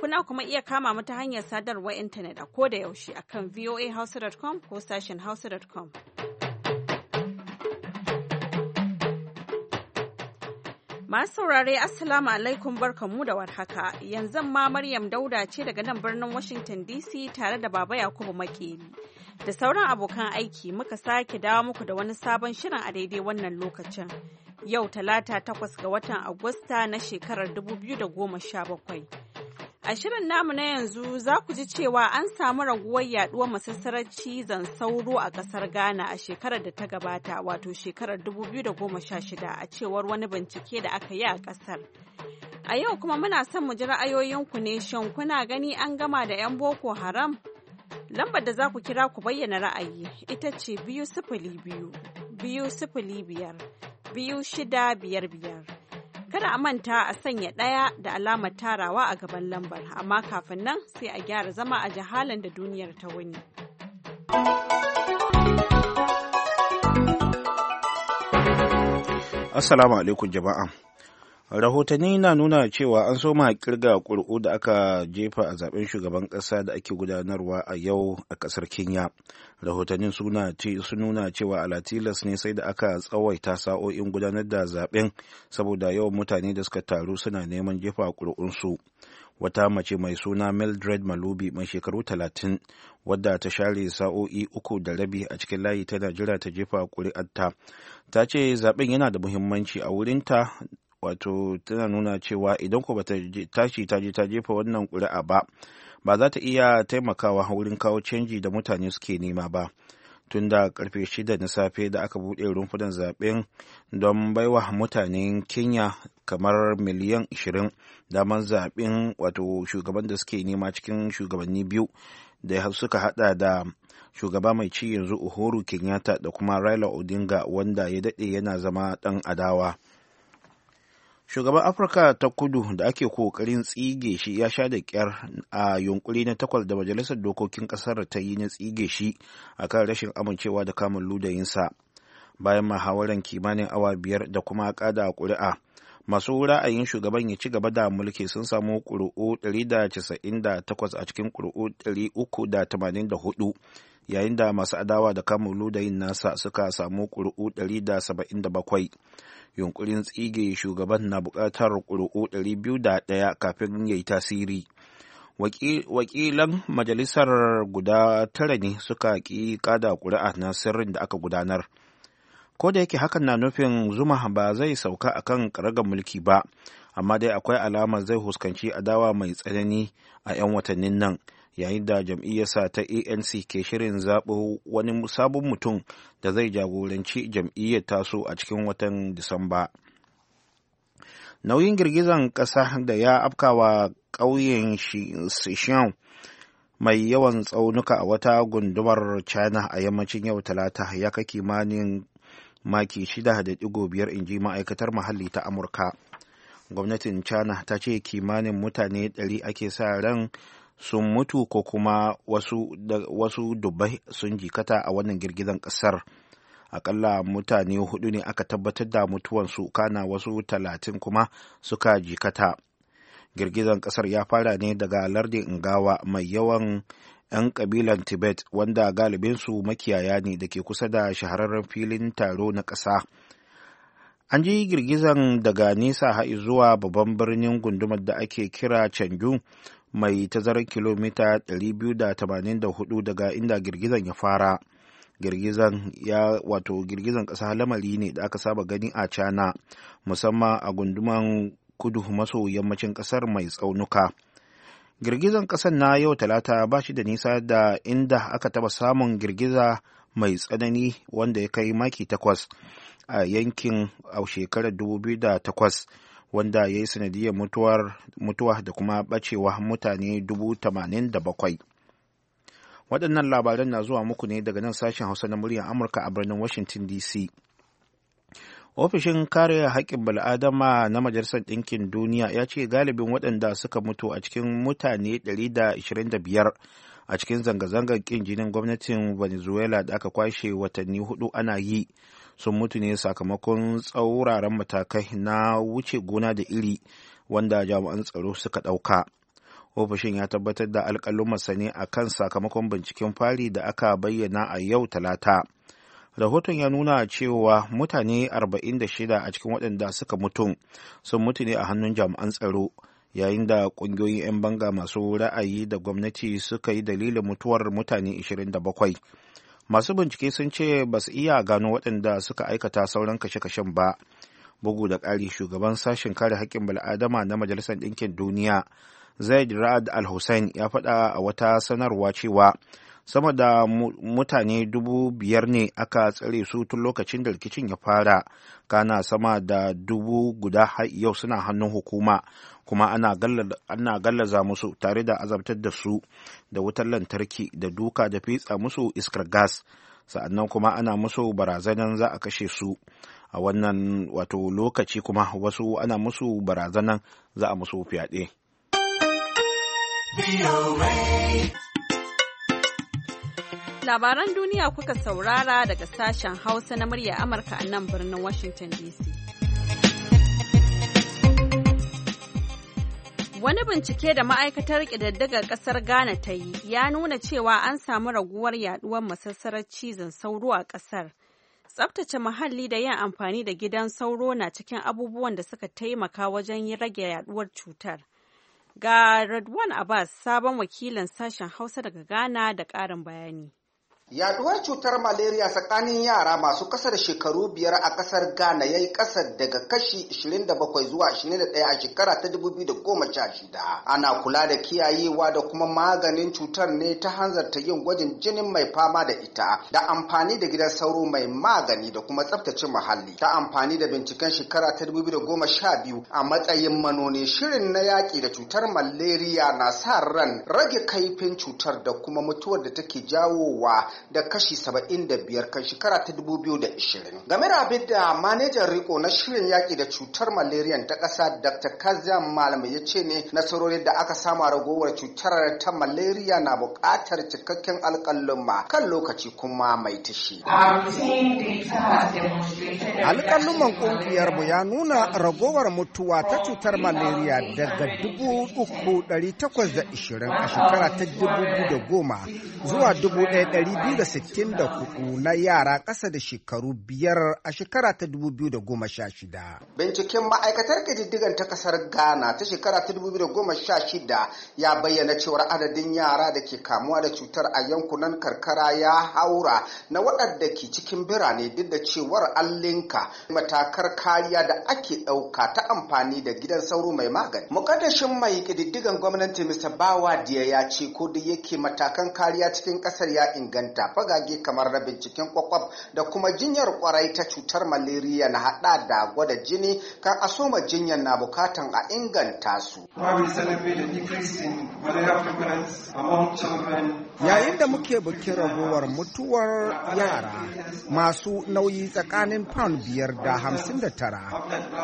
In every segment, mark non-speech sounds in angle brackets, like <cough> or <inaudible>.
Kuna kuma iya kama mu ta hanyar sadarwar intanet a ko da yaushe a kan voahouse.com ko sashen hausa.com. Masu saurare Assalamu alaikum barkamu da warhaka yanzu ma Maryam Dauda ce daga nan birnin Washington DC tare da Baba Yakubu Makeri. Da sauran abokan aiki muka sake dawo muku da wani sabon shirin a daidai wannan lokacin. Yau talata takwas ga watan Agusta na shekarar 2017. A shirin namu na yanzu za ku ji cewa an samu raguwar yaduwar masassarar cizon sauro a ƙasar Ghana a shekarar da ta gabata wato shekarar 2016 a cewar wani bincike da aka yi a ƙasar. A yau kuma muna son mu ji ra'ayoyinku ne shin kuna gani an gama da 'yan Boko Haram? Lambar da za ku kira ku bayyana ra'ayi ita ce biyu sifili biyu, biyu sifili biyar, biyu shida biyar biyar. Kada a manta a sanya ɗaya da alamar tarawa a gaban lambar, amma kafin nan sai a gyara zama a jihalan da duniyar ta wuni. Assalamu alaikum jama'a. rahotanni na nuna cewa an soma kirga ƙuri'u da aka jefa a zaben shugaban ƙasa da ake gudanarwa a yau a ƙasar kenya rahotannin sun nuna cewa alatilas ne sai da aka tsawaita sa'o'in gudanar da zaben saboda yawan mutane da suka taru suna neman jefa ƙuri'unsu wata mace mai suna mildred malubi mai shekaru talatin wadda ta share sa'o'i uku da rabi a cikin layi tana jira ta jefa ƙuri'arta ta ce zaben yana da muhimmanci a wurinta wato tana nuna cewa idan ko bata tashi ta je ta jefa wannan ƙuri'a ba ba za ta iya taimakawa wurin kawo canji da mutane suke nema ba tun da karfe shida na safe da aka buɗe rumfunan zaɓen don baiwa mutanen kenya kamar miliyan 20 damar zaɓen wato shugaban da suke nema cikin shugabanni biyu da suka hada da shugaba mai ci yanzu uhuru kenyatta da kuma raila odinga wanda ya daɗe yana zama ɗan adawa shugaban afirka ta kudu da ake kokarin tsige shi ya sha da kyar a yunkuri na takwas da majalisar dokokin kasar ta yi na tsige shi a kan rashin amincewa da kamun ludayinsa bayan muhawaran kimanin awa biyar da kuma kada kuri'a masu ra'ayin shugaban ya ci gaba da mulki sun samu ƙuri'u 198 a cikin ƙuri'u 384 yayin da masu adawa da kamun ludayin nasa suka samu ƙuri'u 177 yunkurin tsige shugaban na buƙatar ƙuri'u 201 kafin ya yi tasiri wakilan majalisar guda tara ne suka ƙi kada ƙuri'a na sirrin da aka gudanar ko da yake hakan na nufin zuma ba zai sauka akan karagar mulki ba amma dai akwai alamar zai huskanci adawa mai tsanani a 'yan watannin nan yayin da jam'iyyarsa ta anc ke shirin zaɓo wani sabon mutum da zai jagoranci jam'iyyar taso a cikin watan disamba nauyin girgizan ƙasa da ya afkawa ƙauyen sishan mai yawan tsaunuka a wata gundumar china a yammacin yau talata ya kai kimanin maki shida da 6.5 inji ma'aikatar muhalli ta amurka gwamnatin china ta ce kimanin mutane ɗari ake sa ran sun mutu ko kuma wasu, wasu dubbai sun jikata a wannan girgizan kasar akalla mutane hudu ne aka tabbatar da mutuwansu kana wasu talatin kuma suka jikata girgizan kasar ya fara ne daga lardin ngawa mai yawan 'yan kabilan tibet wanda galibinsu makiyaya ne da ke kusa da shahararren filin taro na ƙasa an ji girgizan daga nesa ha'i zuwa babban birnin gundumar da ake kira canjun. mai tazarar kilomita 284 daga inda girgizan ya fara girgizan ya wato girgizan ƙasa lamari ne da aka saba gani a cana musamman a gunduman kudu maso yammacin ƙasar mai tsaunuka girgizan ƙasar na yau talata ba shi da nisa da inda aka taba samun girgiza mai tsanani wanda ya kai maki takwas a yankin a shekarar 2008 wanda ya yi sanadiyar mutuwa da kuma bacewa mutane dubu bakwai waɗannan labaran na zuwa muku ne daga nan sashen hausa na muryar amurka a birnin washington dc ofishin kare haƙƙin bal'adama na majalisar ɗinkin duniya ya ce galibin waɗanda suka mutu a cikin mutane 125 a cikin zanga-zangar ƙin jinin gwamnatin venezuela da aka kwashe watanni hudu ana yi sun mutu ne sakamakon tsauraran matakai na wuce gona da iri wanda jami'an tsaro suka ɗauka. ofishin ya tabbatar da alƙalin masani a kan sakamakon binciken fari da aka bayyana a yau talata rahoton ya nuna cewa mutane 46 a cikin waɗanda suka mutu sun mutu ne a hannun jami'an tsaro yayin da ƙungiyoyin 'yan banga masu ra'ayi da gwamnati suka yi dalilin mutuwar mutane 27 masu bincike sun ce ba su iya gano waɗanda suka aikata sauran kashe-kashen ba bugu da ƙari shugaban sashen kare haƙƙin bal'adama na majalisar ɗinkin duniya zaid ra'ad al hussein ya faɗa a wata sanarwa cewa sama da mutane dubu biyar ne aka tsare su tun lokacin da rikicin ya fara kana sama da dubu guda yau suna hannun hukuma kuma ana gallaza musu tare da azabtar da su da wutar lantarki da duka da fitsa musu iskar gas sa'annan kuma ana musu barazanan za a kashe su a wannan wato lokaci kuma wasu ana musu barazanan za a musu fyaɗe. Labaran duniya kuka saurara daga sashen Hausa na murya Amurka a nan birnin Washington DC. Wani bincike da ma'aikatar ƙididdigar ƙasar Ghana ta yi ya nuna cewa an samu raguwar yaduwar masassarar cizon sauro a ƙasar. Tsabtace muhalli da yin amfani da gidan sauro na cikin abubuwan da suka taimaka wajen rage yaduwar cutar. Ga Radwan Abbas, sabon wakilin sashen Hausa daga Ghana da ƙarin bayani. Yaduwar cutar malaria tsakanin yara masu ƙasa da shekaru biyar a kasar Ghana ya yi ƙasa daga kashi 27 zuwa 21 a shekara ta 2016. Ana kula da kiyayewa da kuma maganin cutar ne ta hanzarta yin gwajin jinin mai fama da ita da amfani da gidan sauro mai magani da kuma tsaftace muhalli. Ta amfani da binciken shekara ta 2012 a matsayin manoni shirin na yaƙi da cutar malaria na sa ran rage kaifin cutar da kuma mutuwar da take jawowa da kashi 75 kan shekara ta 2020 game da abin da manajan riko na shirin yaƙi da cutar malaria ta ƙasa dr kazim malam ya ce ne nasarorin da aka samu ragowar cutar ta malaria na buƙatar cikakken alƙalumma kan lokaci kuma mai tashi man ƙungiyar mu ya nuna ragowar mutuwa ta cutar malaria daga 3,820 a shekara ta 2010 zuwa 1,000 264 na yara ƙasa da shekaru biyar a shekara ta 2016. Binciken ma'aikatar ƙididdigan ta ƙasar Ghana ta shekara ta 2016 ya bayyana cewar adadin yara da ke kamuwa da cutar a yankunan karkara ya haura na waɗanda ke cikin birane duk da cewar an linka matakar kariya da ake ɗauka ta amfani da gidan sauro mai magani. Mukaddashin mai ƙididdigan gwamnati Mr. Bawa Diya ya ce ko da yake matakan kariya cikin ƙasar ya inganta da fagage kamar na binciken kwakwaf da kuma jinyar kwarai ta cutar maleriya na hada da gwada jini kan asoma jinyar na bukatan a inganta su. Why we celebrate the decrease in malaria prevalence among children yayin da muke bikin ragowar mutuwar yara masu nauyi tsakanin pound biyar da hamsin da tara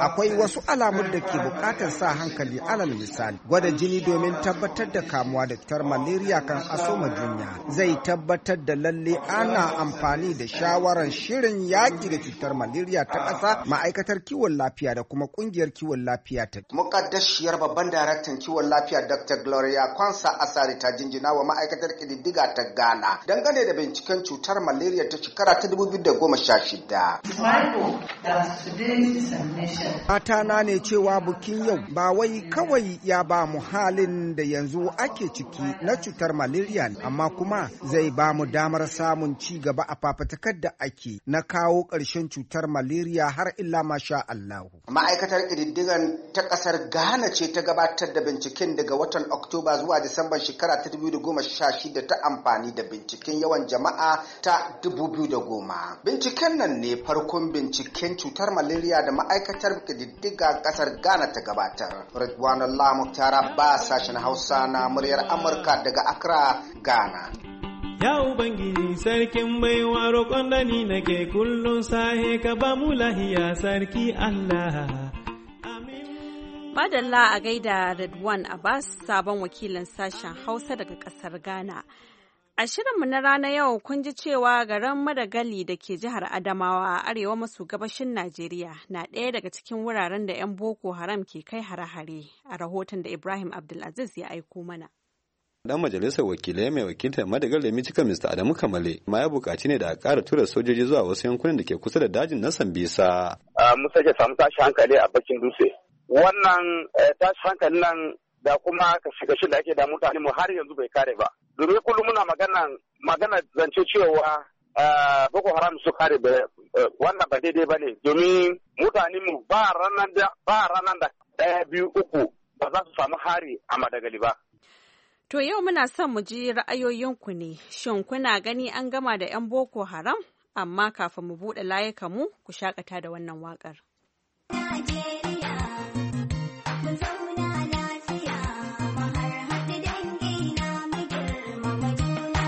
akwai wasu alamun da ke bukatar sa hankali alal misali gwada jini domin tabbatar da kamuwa da cutar malaria kan asoma jinya zai tabbatar da lalle ana amfani da shawarar shirin yaƙi da cutar malaria ta ƙasa ma'aikatar kiwon lafiya da kuma ƙungiyar kiwon lafiya ta muƙaddashiyar babban daraktan kiwon lafiya dr gloria kwansa asari ta jinjina wa ma'aikatar ƙididdiga ƙididdiga ta Ghana dangane da binciken cutar malaria ta shekara ta 2016. Matana ne cewa bukin yau ba wai kawai ya ba mu halin da yanzu ake ciki na cutar malaria amma kuma zai ba mu damar samun ci gaba a fafatakar da ake na kawo ƙarshen cutar malaria har illa masha Allahu. Ma'aikatar ƙididdigan ta ƙasar Ghana ce ta gabatar da binciken daga watan Oktoba zuwa Disamban shekara ta shida ta amfani da binciken yawan jama'a ta goma. Binciken nan ne farkon binciken cutar malaria da ma'aikatar ƙididdiga ƙasar Ghana ta gabatar. Ridwanullah Muktara ba sashen Hausa na muryar Amurka daga Accra, Ghana. Ya Ubangiji sarkin baiwa roƙon da ni nake kullum sahe ka ba mu lahiya sarki Allah. Madalla a gaida Redwan Abbas sabon wakilin sashen Hausa daga ƙasar Ghana. A shirinmu na rana yau kun ji cewa garin Madagali da ke jihar Adamawa a arewa maso gabashin Najeriya na ɗaya daga cikin wuraren da 'yan Boko Haram ke kai hare-hare a rahoton da Ibrahim Abdulaziz ya aiko mana. Dan majalisar wakilai mai wakilta Madagal da Mr. Adamu Kamale ma ya buƙaci ne da a ƙara tura sojoji zuwa wasu yankunan da ke kusa da dajin na Sambisa. Ah, mun sake samu tashi hankali a bakin dutse. Wannan eh, tashi hankalin nan da kuma kashe-kashe da ake da mutane mu har yanzu bai kare ba domin kullum muna magana magana zance cewa ah, Boko Haram su kare eh, wannan ba daidai ba ne domin mutane mu ba ranar da ɗaya biyu uku ba za su samu hari a madagali ba. To yau muna son mu ji ra'ayoyinku ne, shin kuna gani an gama da 'yan Boko Haram? Amma kafin mu buɗe layukanmu ku shakata da wannan waƙar.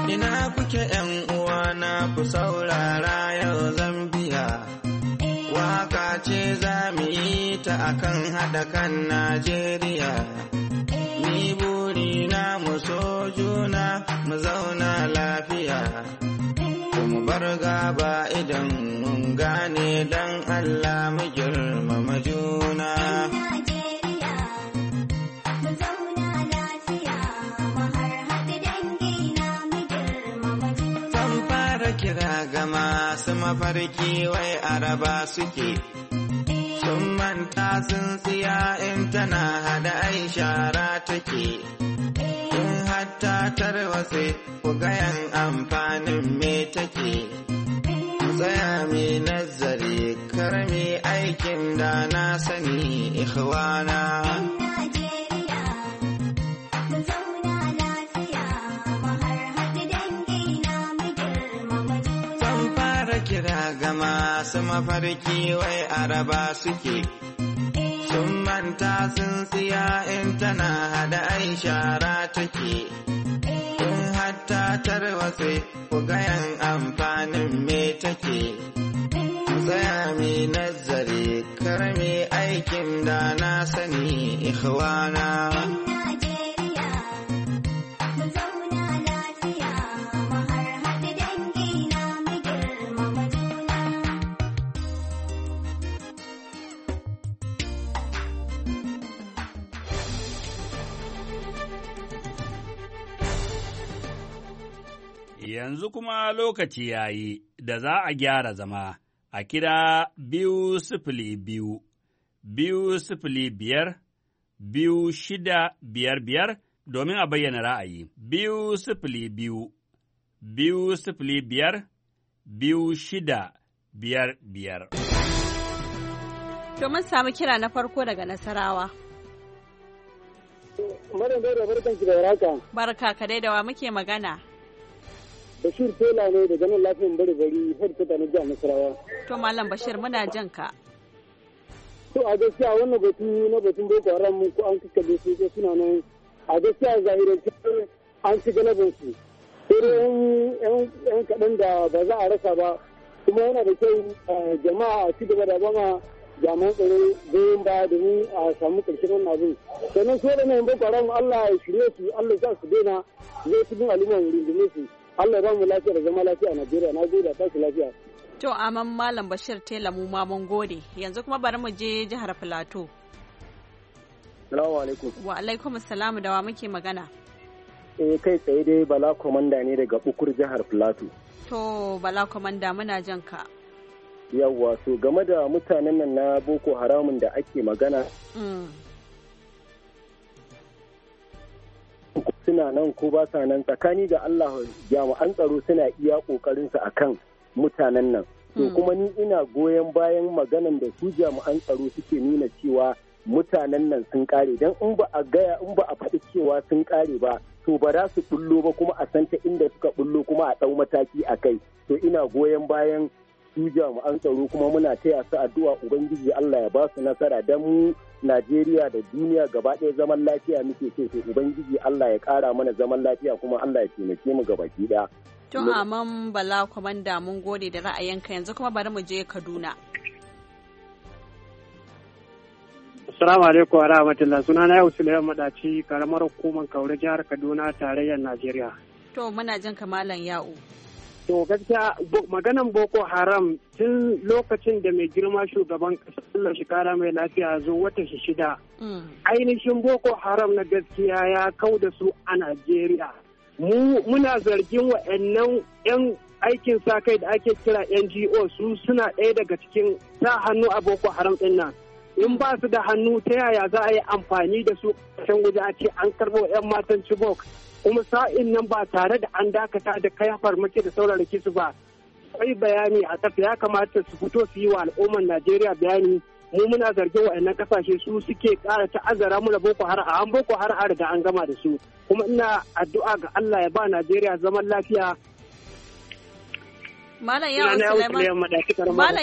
Ina kuke ‘yan na ku saurara yau zan biya waka ce za mu yi ta akan haɗa kan Najeriya. Ni buri na mu so juna mu zauna lafiya. kuma bar gaba idan mun gane dan Allah mu girmama juna. mafarki wai araba suke sun manta sun tsiya in tana hada ai shara take in hatta tarwatse ku gayan amfanin me take tsaya mai nazari karmi aikin da na sani ikhwana da su mafarki wai araba suke sun manta sun siya in tana hada ai shara take in hatta tarwatse ku gayan amfanin me take tsaya mai nazari karmi aikin da na sani ikhwana. yanzu kuma lokaci ya yi da za a gyara zama a kira biyu sifili biyu, biyu sifili biyar, biyu shida biyar biyar domin a bayyana ra'ayi, biyu sifili biyu, biyu sifili biyar, biyu shida biyar biyar. Domin samu kira na farko daga Nasarawa. Madan da barkan ki da waraka. Barka kadai da wa muke magana. Bashir Tela ne da ganin lafiyan bari bari headquarter na jihar Nasarawa. To Malam Bashir muna jan ka. To a gaskiya wannan batu na batun Boko Haram ko an kakkabe su ko suna nan a gaskiya zahirance an ci galabin su. Sai yan kaɗan da ba za a rasa ba kuma yana da kyau jama'a a ci gaba da bama jami'an tsaro goyon da domin a samu ƙarshen wannan abin sannan su waɗannan boko haram allah ya shirye su allah ya sa su daina zai su bin al'umma rundume su Allah ba mu lafiya da zama lafiya a Najeriya na gode tashi lafiya. To aman Malam Bashir Tela mu ma mun gode yanzu kuma bari mu je jihar Filato. Salamu alaikum. Wa alaikum assalamu da wa muke magana. Eh kai tsaye dai Bala Komanda ne daga bukur jihar Filato. To Bala Komanda muna jan ka. Yawwa so game da mutanen nan na Boko Haramun da ake magana. Mm. suna nan ko ba sa nan tsakani ga Allah jami'an tsaro suna iya kokarin su akan mutanen nan to hmm. kuma ni ina goyon bayan maganan da su jami'an tsaro suke nuna cewa mutanen nan sun kare dan in ba a gaya in ba a faɗi cewa sun kare ba to ba za su bullo ba kuma a santa inda suka bullo kuma a ɗau mataki a kai to ina goyon bayan su jami'an tsaro kuma muna taya su addu'a ubangiji Allah ya ba su nasara dan mu Najeriya da duniya gaba ɗaya zaman lafiya muke ce sai ubangiji Allah ya ƙara mana zaman lafiya kuma Allah ya taimake mu gaba ɗaya. Tun aman bala kwamanda mun gode da ra'ayinka yanzu kuma bari mu je Kaduna. Assalamu alaikum wa suna na yau Suleiman Madaci karamar hukumar Kaure jihar Kaduna tarayyar Najeriya. To muna jin kamalan ya'u. To gaskiya maganan Boko Haram tun lokacin da mai girma shugaban kasar shekara mai lafiya zo wata shi shida. Mm. Ainihin Boko Haram na gaskiya ya kau da su a Najeriya. Muna zargin wa'annan 'yan aikin sa kai da ake kira NGO su suna ɗaya daga cikin sa hannu a Boko Haram ɗin nan. In ba su da hannu ta yaya za a yi amfani da su can waje a ce an karɓo 'yan matan Chibok kuma sa'in nan ba tare da an dakata da kai farmaki da saurara su ba akwai bayani a ƙasa ya kamata su fito su yi wa al'ummar najeriya bayani mu muna zargin wa'annan kasashe su suke ƙara ta'azzara mu da boko har a an boko har a riga an gama da su kuma ina addu'a ga allah ya ba najeriya zaman lafiya Malam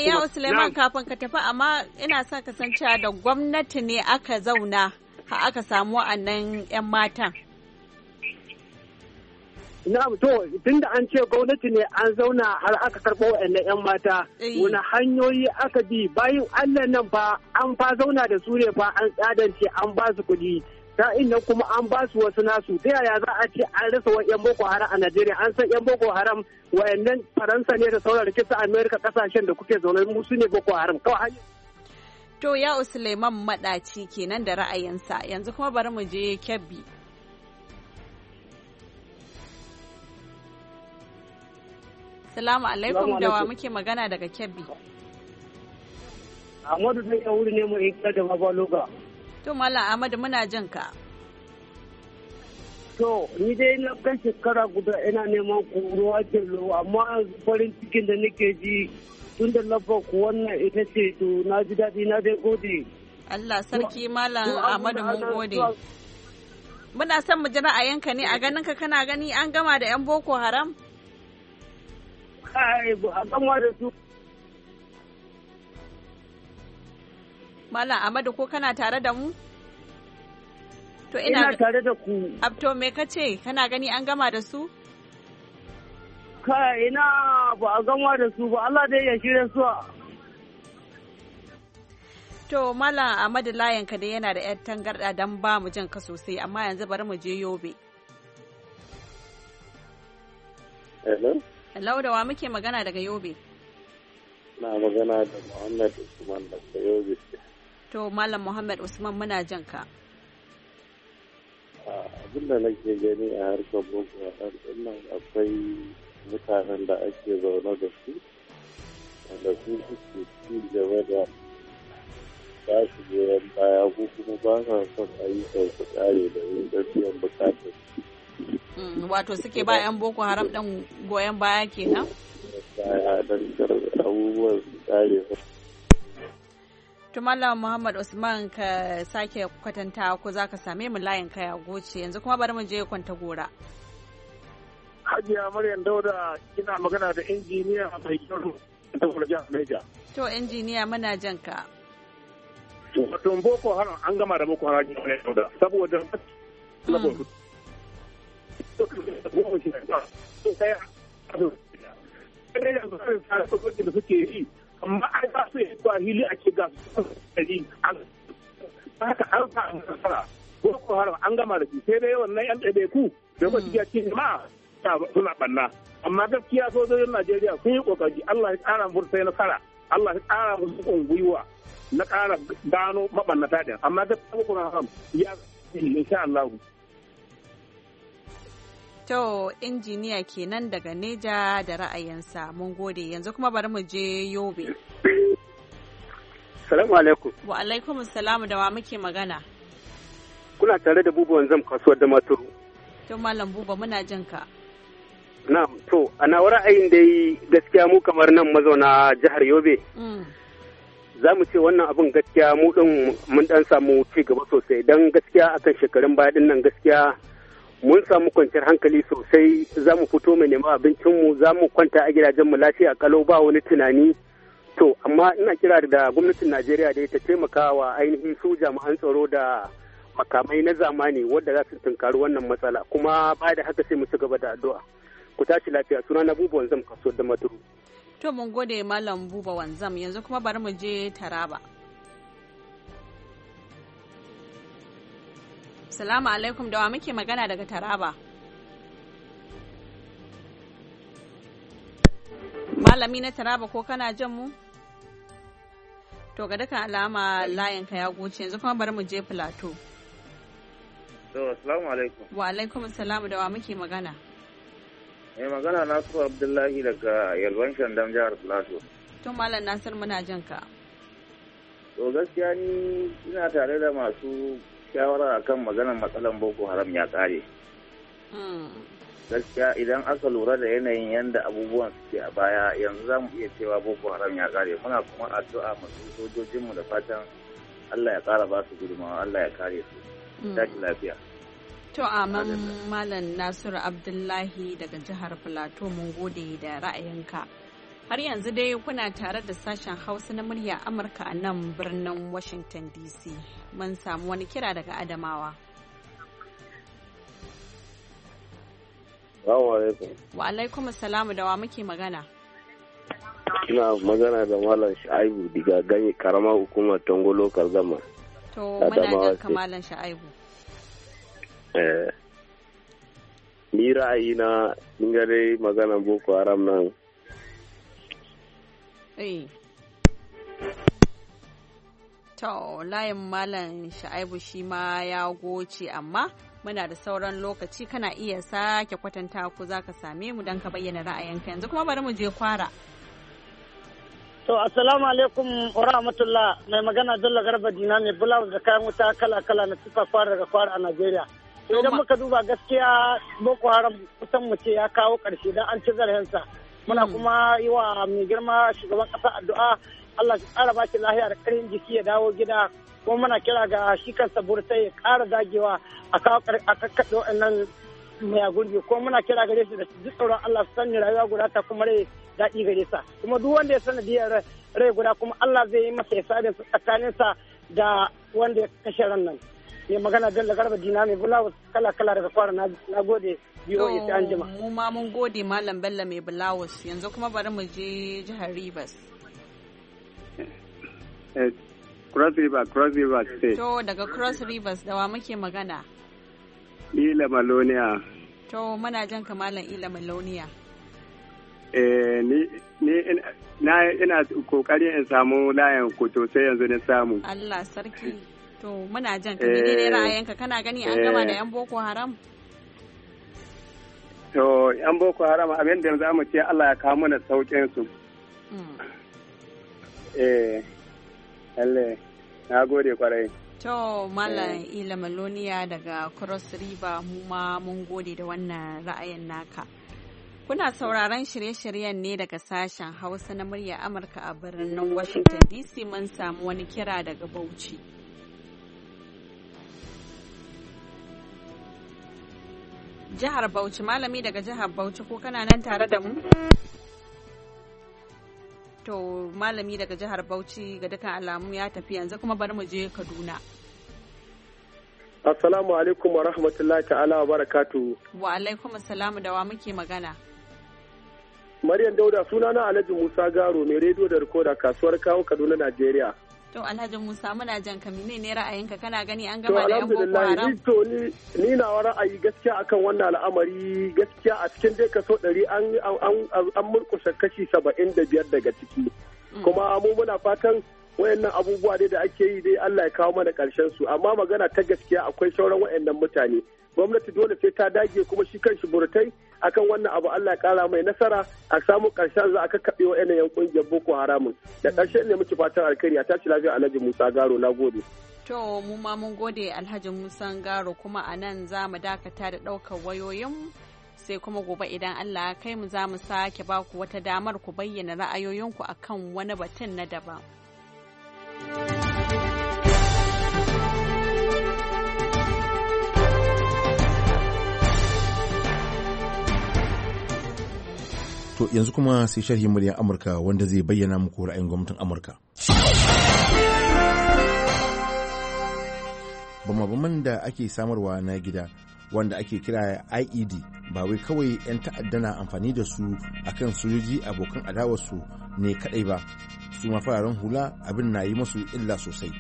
Yawo Suleiman kafin ka tafi amma ina son kasancewa da gwamnati ne aka zauna ha aka samu wa'annan 'yan matan. na'am to tunda an ce gwamnati ne an zauna har aka karɓo wa'anda 'yan mata eh. wani hanyoyi aka bi bayan Allah nan fa an fa zauna da su ne fa an tsadance an ba su kuɗi ta inda kuma an ba su wasu nasu ta yaya za a ce an rasa wa 'yan boko haram a Najeriya an san 'yan boko haram wayannan Faransa ne da sauran kisa Amerika kasashen da kuke zaune musu ne boko haram kawai To ya suleiman maɗaci kenan da ra'ayinsa yanzu kuma bari mu je Kebbi. Salamu alaikum da wa muke magana daga Kebbi. Ahmadu zai iya wuri ne mu kyar da mabaloga. To Malam Ahmadu muna jin ka. To ni dai na kan shekara guda ina neman koro a jello amma farin cikin da nake ji tun da lafa ku wannan ita ce to na ji daɗi na dai gode. Allah sarki Malam Ahmadu mun gode. Muna son mu jira a yanka ne a ganin ka kana gani an gama da 'yan Boko Haram? kanwa da su. Malam Amadu ko kana tare da mu? To ina tare da ku. Abto me ka ce kana gani an gama da su? Ka ina ba a gama da su ba Allah dai ya shirya su To Malam Amadu layan ka dai yana da 'yar tangarɗa don ba mu jan ka sosai amma yanzu bari mu je Yobe. Hello? Laudawa muke magana daga Yobe. Na magana da Muhammad Usman daga Yobe. To Malam Muhammad Usman muna jin ka. Ah, abin da nake gani a harkar boko haram nan akwai mutanen da ake zaune da su wanda su suke ci game da ba su goyon baya ko kuma ba sa son ayyukan su kare da yin gaskiyan bukatar su. Mm, wato suke ba 'yan boko haram ɗan goyon baya kenan abubuwan Tumala Muhammad Usman ka sake kwatanta ko za ka same mu layin kaya goce yanzu kuma bari mu je kwanta gora. Hajiya Maryam Dauda ina magana da injiniya mai kyau da To injiniya muna jan ka. Wato Boko Haram an gama da Boko Haram ne Dauda saboda hmm. samun shi da so da su fara suke yi amma ai ba su yi boko haram an gama da shi sai dai wannan da ba su suna banna amma gaskiya sojojin Najeriya sun yi kokari Allah ya kara mu sai nasara Allah ya kara mu zuƙon gwiwa na kara gano mabannata din amma gaskiya boko haram ya insha Allah To injiniya kenan daga Neja da ra'ayinsa mun gode yanzu kuma bari mu je Yobe. Salamu alaikum. Wa alaikum salamu da wa muke magana. Kuna tare da bubuwan zam kasuwar da maturu. To malam buba muna jin ka. Na to ana ra'ayin da yi gaskiya mu kamar nan mazauna jihar Yobe. Mm. Za mu ce wannan abin gaskiya mu din mun dan samu ci gaba sosai don gaskiya akan shekarun baya din nan gaskiya mun samu kwanciyar hankali sosai za mu fito mai nema abincinmu za mu kwanta a gidajenmu lafiya kalo ba wani tunani to amma ina kira da gwamnatin najeriya da ta taimaka wa ainihin su jami'an tsaro da makamai na zamani wadda za su tunkari wannan matsala kuma ba da haka sai mu ci gaba da addu'a ku tashi lafiya suna na buba wanzam kaso da maturu to mun gode malam buba wanzam yanzu kuma bari mu je taraba Salamu alaikum da wa muke magana daga Taraba. Malami na Taraba ko kana jan mu? To ga dukkan alama layinka ya goce yanzu kuma bari mu je Plateau. To, salamu alaikum. Wa alaikum salamu da wa muke magana. Mai magana na su Abdullahi daga Yalwan Shandam jihar Plateau. To, Malam Nasir muna jan ka. To, gaskiya ni ina tare da masu shawara akan maganar matsalar boko haram ya kare hmm. gaskiya idan aka lura da yanayin yadda abubuwan suke a baya yanzu za mu iya cewa boko haram ya kare muna kuma addu'a masu sojojinmu da fatan allah ya kara ba su gudunmawa allah ya kare su daki hmm. lafiya to aman malam nasiru abdullahi daga jihar plateau mun gode da ra'ayinka Har yanzu dai kuna tare da sashen Hausa na murya Amurka a nan birnin Washington DC. Mun samu wani kira daga Adamawa. Wa alaikum salamu da wa muke magana. Ina magana da Malam Sha'ibu daga ganye karama hukumar Tongo Local Gama. To muna jan kamalan Sha'ibu. Eh, ni ra'ayi na dai magana Boko Haram nan eh to layin malam sha'aibu shi ma ya goce amma muna da sauran lokaci kana iya sake kwatanta ku za ka same mu don ka bayyana ra'ayinka yanzu kuma bari mu je kwara to assalamu alaikum wa rahmatullah mai magana Jalla garba dina mai bulawar da kayan wuta kala kala na tuka kwara daga kwara a najeriya idan muka duba gaskiya boko haram kusan mu ce ya kawo karshe dan an ci zarafinsa muna kuma yi wa mai girma shugaban kasa addu'a Allah ya ƙara bashi lahiya da ƙarin jiki ya dawo gida kuma muna kira ga shi kansa burtai ya ƙara dagewa a kakkaɗe waɗannan mai gurbi kuma muna kira gare shi da su ji tsoron Allah su sani rayuwa guda ta kuma rai daɗi gare sa kuma duk wanda ya sanadiyar rai guda kuma Allah zai yi masa hisabi tsakaninsa da wanda ya kashe ran nan mai magana Bello Garba Dina mai bulawa kala kala daga kwara na gode biyo ta anjima mu ma mun gode malam bello mai bulawus yanzu kuma bari mu je jihar rivers <laughs> eh, cross river cross river state to daga cross rivers da wa muke magana ila Malonia. to muna jan ka malam ila Eh ni na ina kokarin in samu layin to sai yanzu na samu. Allah sarki. To muna jan ka ne eh, ra'ayinka kana gani an gama da eh. yan Boko Haram? To, ‘yan Boko Haram abin da za mu ce Allah ya kawo mana sauƙin hmm. Eh, Allah, na gode kwarai. To, Malam eh. Ila Maloniya daga Cross River mu ma mun gode da wannan ra'ayin naka. Kuna sauraron shirye-shiryen ne daga sashen Hausa na murya Amurka a birnin Washington DC mun samu wani kira daga Bauchi. jihar Bauchi malami daga jihar Bauchi ko kana nan tare da mu? To malami daga jihar Bauchi ga dukkan alamu ya tafi yanzu kuma bari mu je Kaduna. Assalamu alaikum wa rahmatullahi ta'ala wa barakatu. Wa alaikum assalamu da wa muke magana. Maryam Dauda sunana Alhaji Musa Garo mai rediyo da rikoda kasuwar kawo Kaduna Najeriya. To Alhaji Musa muna jan ka mene ne ra'ayinka kana gani an gama da yan Boko Haram? To ni ni na ra'ayi gaskiya akan wannan al'amari gaskiya a cikin dai kaso 100 an an an murkushe kashi 75 daga ciki. Mm. Kuma mu muna fatan wayannan abubuwa dai da ake yi dai Allah ya kawo mana karshen su amma magana ta gaskiya akwai sauran wayannan mutane gwamnati dole sai ta dage kuma shi kanshi burtai akan wannan abu Allah ya kara mai nasara a samu karshen za a kakkaɓe wayannan yan kungiyar Boko haramun da karshen ne muke fatan alkhairi a tashi lafiya Alhaji Musa Garo nagode to mu ma mun gode Alhaji Musa Garo kuma a nan za mu dakata da ɗaukar wayoyin sai kuma gobe idan Allah kai mu za mu sake baku wata damar ku bayyana ra'ayoyinku akan wani batun na daban. To yanzu kuma sai sharhi muryar Amurka wanda zai bayyana muku ra'ayin gwamnatin Amurka. Bamabaman da ake samarwa na gida wanda ake kira IED ba wai kawai 'yan ta'adda na amfani da su akan sojoji abokan adawarsu ne kadai ba su fararen hula abin na yi masu illa sosai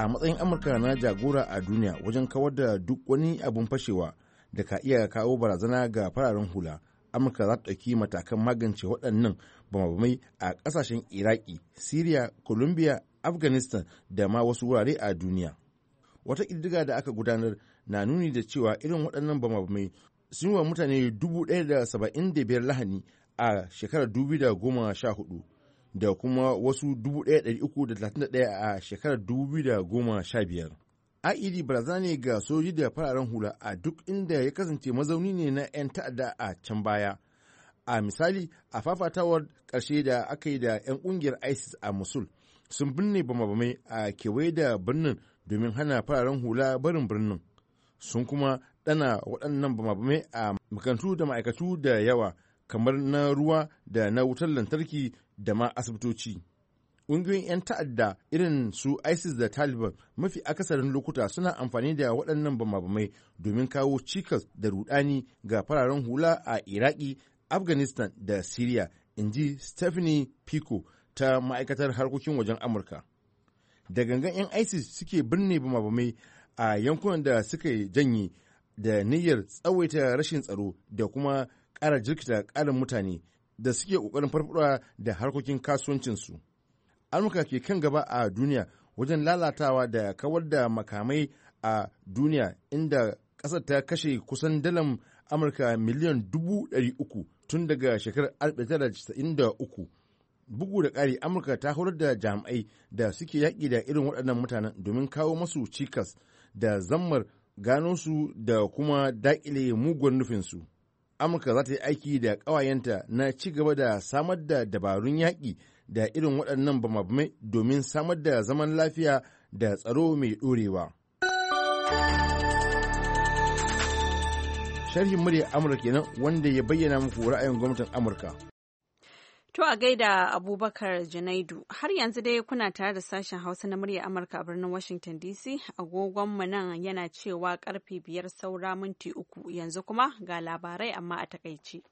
a matsayin amurka na jagora a duniya wajen kawar da duk wani abin fashewa da ka iya kawo barazana ga fararen hula amurka za ta ɗauki matakan magance waɗannan bamabamai a ƙasashen iraki siriya colombia afghanistan da ma wasu wurare a duniya wata ƙiddiga da aka gudanar na nuni da cewa irin waɗannan bamabamai sun yi wa mutane da da saba'in biyar lahani a shekarar hudu. da kuma wasu 1,331 a shekarar 2015. Aidi baraza ne ga soji da fararen hula a duk inda ya kasance mazauni ne na 'yan ta'adda a can baya. A misali, a fafatawar ƙarshe da aka yi da 'yan ƙungiyar ISIS a Mosul sun binne bama-bamai a kewaye da birnin domin hana fararen hula barin birnin. Sun kuma ɗana waɗannan bama-bamai a makarantu da ma'aikatu da yawa kamar na ruwa da na wutar lantarki da ma asibitoci. Ƙungiyoyin 'yan ta'adda irin su ISIS da Taliban mafi akasarin lokuta suna amfani da waɗannan bamabamai domin kawo cikas da rudani ga fararen hula a Iraki, Afghanistan da syria in ji Stephanie Pico ta ma'aikatar harkokin wajen Amurka. Da gangan 'yan ISIS suke birne bamabamai a yankunan da suka janye da niyyar tsawaita rashin tsaro da kuma ƙara jirkita ƙarin mutane da suke ƙoƙarin farfaɗa da harkokin kasuwancinsu. Amurka ke kan gaba a duniya wajen lalatawa da kawar da makamai a duniya inda ƙasar ta kashe kusan dalan Amurka miliyan dubu ɗari uku tun daga shekarar 1993. Bugu da ƙari Amurka ta horar da jami'ai da suke yaƙi da irin waɗannan mutanen domin kawo masu cikas da zammar gano su da kuma daƙile mugun nufinsu. amurka za ta yi aiki da ƙawayenta na ci gaba da samar da dabarun yaƙi da irin waɗannan bamabamai domin samar da zaman lafiya da tsaro mai ɗorewa. sharhin murya amurka kenan wanda ya bayyana muku ra'ayin gwamnatin amurka To a gaida Abubakar Janaidu, har yanzu dai kuna tare da sashen Hausa na murya Amurka a birnin Washington DC, agogonmu nan yana cewa karfe biyar saura minti uku yanzu kuma ga labarai amma a takaice.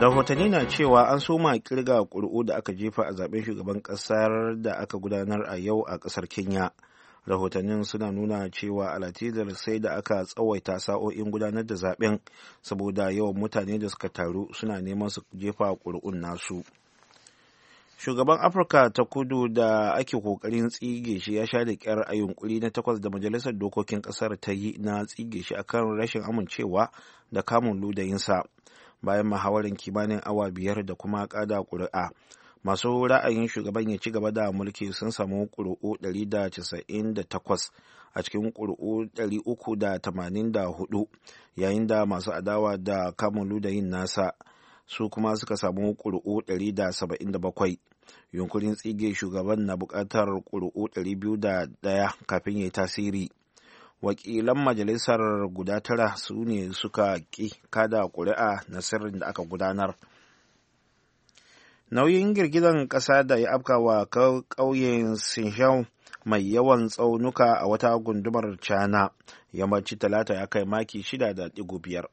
rahotanni na cewa an soma kirga ƙuri'u da aka jefa a zaben shugaban ƙasar da aka gudanar a yau a ƙasar kenya rahotannin suna nuna cewa alatidar sai da aka tsawaita sa'o'in gudanar da zaben saboda yawan mutane da suka taru suna neman su jefa ƙuri'un nasu shugaban afirka ta kudu da ake kokarin tsige shi ya sha da kyar a yunkuri na takwas da majalisar dokokin kasar ta yi na tsige shi a kan rashin amincewa da kamun ludayinsa bayan muhawarin kimanin awa biyar da kuma kada ƙuri'a masu ra'ayin shugaban ya ci gaba da mulki sun samu ƙuri'u 198 a cikin ƙuri'u 384 yayin da masu adawa da kamulu da yin nasa su kuma suka samu ƙuri'u 177 yunkurin tsige shugaban na buƙatar ƙuri'u 201 kafin ya yi tasiri wakilan majalisar guda tara su ne suka ƙi kada ƙuri'a na sirrin da aka gudanar nauyin girgizan ƙasa da ya afka wa ƙauyen sinjau mai yawan tsaunuka a wata gundumar cana yammaci talata ya kai maki shida da ɗigo biyar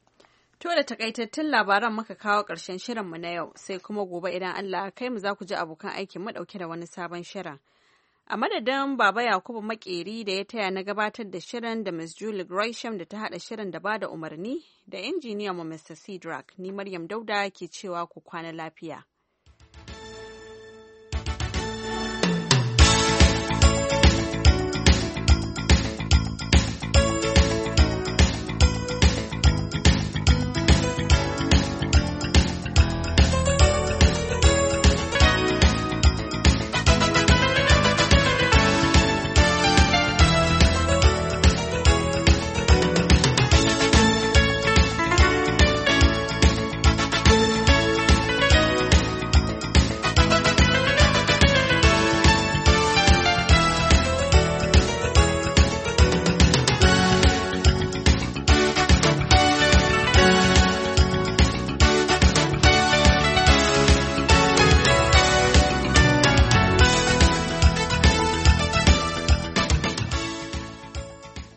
To da takaitattun labaran muka kawo ƙarshen shirinmu na yau sai kuma gobe idan Allah kai mu za ku ji abokan aikin mu ɗauke da wani sabon shirin. A madadin Baba Yakubu Makeri da ya taya na gabatar da shirin da Ms. Julie Gresham da ta haɗa shirin da bada umarni da injiniyanmu Mr. Cedric ni Maryam Dauda ke cewa ku kwana lafiya.